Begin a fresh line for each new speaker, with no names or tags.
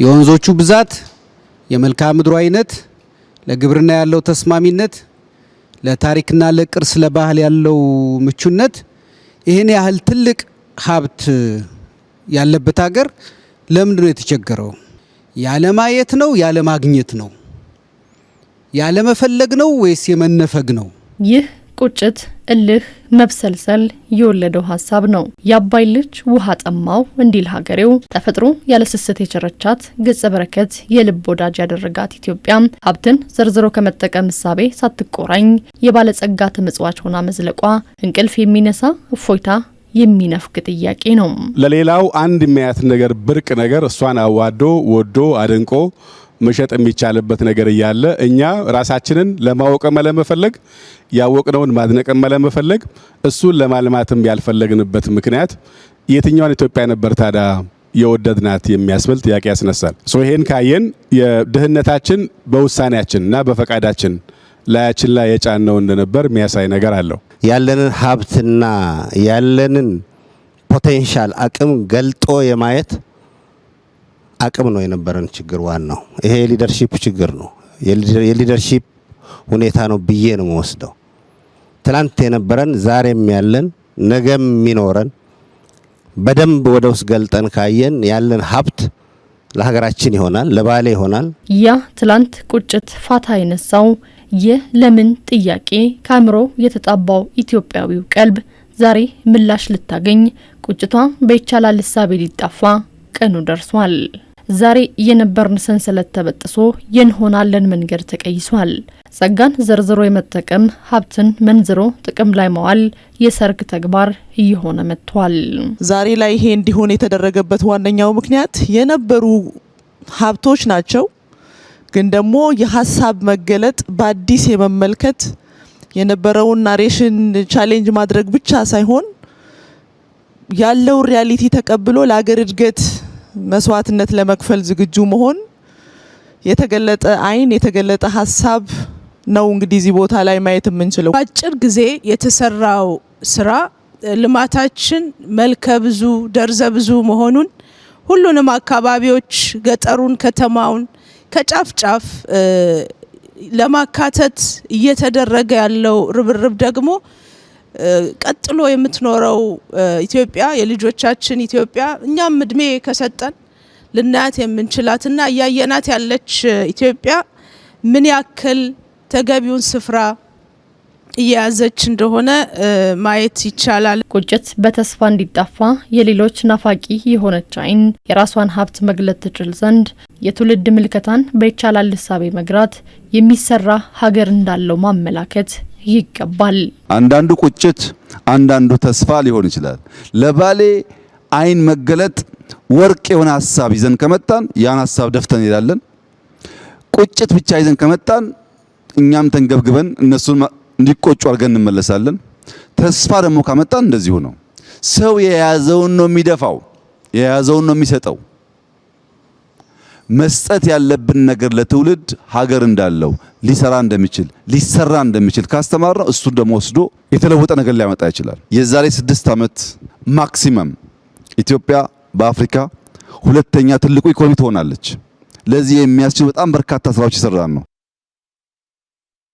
የወንዞቹ ብዛት፣ የመልክዓ ምድሩ አይነት፣ ለግብርና ያለው ተስማሚነት፣ ለታሪክና ለቅርስ ለባህል ያለው ምቹነት ይህን ያህል ትልቅ ሀብት ያለበት ሀገር ለምንድን ነው የተቸገረው? ያለማየት ነው? ያለማግኘት ነው? ያለመፈለግ ነው ወይስ የመነፈግ ነው?
ይህ ቁጭት፣ እልህ፣ መብሰልሰል የወለደው ሀሳብ ነው። የአባይ ልጅ ውሃ ጠማው እንዲል ሀገሬው ተፈጥሮ ያለ ስስት የቸረቻት ገጸ በረከት የልብ ወዳጅ ያደረጋት ኢትዮጵያ ሀብትን ዘርዝሮ ከመጠቀም እሳቤ ሳትቆራኝ የባለጸጋ ተመጽዋች ሆና መዝለቋ እንቅልፍ የሚነሳ እፎይታ የሚነፍቅ ጥያቄ ነው።
ለሌላው አንድ የሚያያት ነገር ብርቅ ነገር እሷን አዋዶ ወዶ አድንቆ መሸጥ የሚቻልበት ነገር እያለ እኛ ራሳችንን ለማወቅም አለመፈለግ፣ ያወቅነውን ማድነቅም አለመፈለግ፣ እሱን ለማልማትም ያልፈለግንበት ምክንያት የትኛዋን ኢትዮጵያ ነበር ታዲያ የወደድናት የሚያስብል ጥያቄ ያስነሳል። ይሄን ካየን የድህነታችን በውሳኔያችን እና በፈቃዳችን ላያችን ላይ የጫነው እንደነበር የሚያሳይ ነገር አለው።
ያለንን ሀብትና ያለንን ፖቴንሻል አቅም ገልጦ የማየት አቅም ነው የነበረን ችግር ዋናው። ይሄ የሊደርሺፕ ችግር ነው፣ የሊደርሺፕ ሁኔታ ነው ብዬ ነው የምወስደው። ትላንት የነበረን ዛሬም ያለን ነገም የሚኖረን በደንብ ወደ ውስጥ ገልጠን ካየን ያለን ሀብት ለሀገራችን ይሆናል፣ ለባሌ ይሆናል።
ያ ትላንት ቁጭት ፋታ የነሳው ይህ ለምን ጥያቄ ከአእምሮ የተጣባው ኢትዮጵያዊው ቀልብ ዛሬ ምላሽ ልታገኝ ቁጭቷ በይቻላል እሳቤ ሊጣፋ ቀኑ ደርሷል። ዛሬ የነበርን ሰንሰለት ተበጥሶ የንሆናለን መንገድ ተቀይሷል። ጸጋን ዘርዝሮ የመጠቀም ሀብትን መንዝሮ ጥቅም ላይ መዋል የሰርግ ተግባር እየሆነ መጥቷል።
ዛሬ ላይ ይሄ እንዲሆን የተደረገበት ዋነኛው ምክንያት የነበሩ ሀብቶች ናቸው፣ ግን ደግሞ የሀሳብ መገለጥ በአዲስ የመመልከት የነበረውን ናሬሽን ቻሌንጅ ማድረግ ብቻ ሳይሆን ያለውን ሪያሊቲ ተቀብሎ ለሀገር እድገት መስዋዕትነት ለመክፈል ዝግጁ መሆን የተገለጠ አይን የተገለጠ ሀሳብ ነው። እንግዲህ እዚህ ቦታ ላይ ማየት የምንችለው
አጭር ጊዜ የተሰራው ስራ ልማታችን መልከ ብዙ ደርዘ ብዙ መሆኑን ሁሉንም አካባቢዎች ገጠሩን፣ ከተማውን ከጫፍ ጫፍ ለማካተት እየተደረገ ያለው ርብርብ ደግሞ ቀጥሎ የምትኖረው ኢትዮጵያ የልጆቻችን ኢትዮጵያ እኛም እድሜ ከሰጠን ልናያት የምንችላትና እያየናት ያለች ኢትዮጵያ ምን ያክል ተገቢውን ስፍራ እየያዘች እንደሆነ ማየት ይቻላል።
ቁጭት በተስፋ እንዲጣፋ የሌሎች ናፋቂ የሆነች አይን የራሷን ሀብት መግለጥ ትችል ዘንድ የትውልድ ምልከታን በይቻላል እሳቤ መግራት የሚሰራ ሀገር እንዳለው ማመላከት ይገባል።
አንዳንዱ ቁጭት፣ አንዳንዱ ተስፋ ሊሆን ይችላል። ለባሌ አይን መገለጥ ወርቅ የሆነ ሀሳብ ይዘን ከመጣን ያን ሀሳብ ደፍተን እንሄዳለን። ቁጭት ብቻ ይዘን ከመጣን እኛም ተንገብግበን እነሱን እንዲቆጩ አድርገን እንመለሳለን። ተስፋ ደግሞ ካመጣን እንደዚሁ ነው። ሰው የያዘውን ነው የሚደፋው፣ የያዘውን ነው የሚሰጠው። መስጠት ያለብን ነገር ለትውልድ ሀገር እንዳለው ሊሰራ እንደሚችል ሊሰራ እንደሚችል ካስተማር ነው። እሱን ደግሞ ወስዶ የተለወጠ ነገር ሊያመጣ ይችላል። የዛሬ ስድስት ዓመት ማክሲመም ኢትዮጵያ በአፍሪካ ሁለተኛ ትልቁ ኢኮኖሚ ትሆናለች። ለዚህ የሚያስችሉ በጣም በርካታ ስራዎች ይሰራን ነው።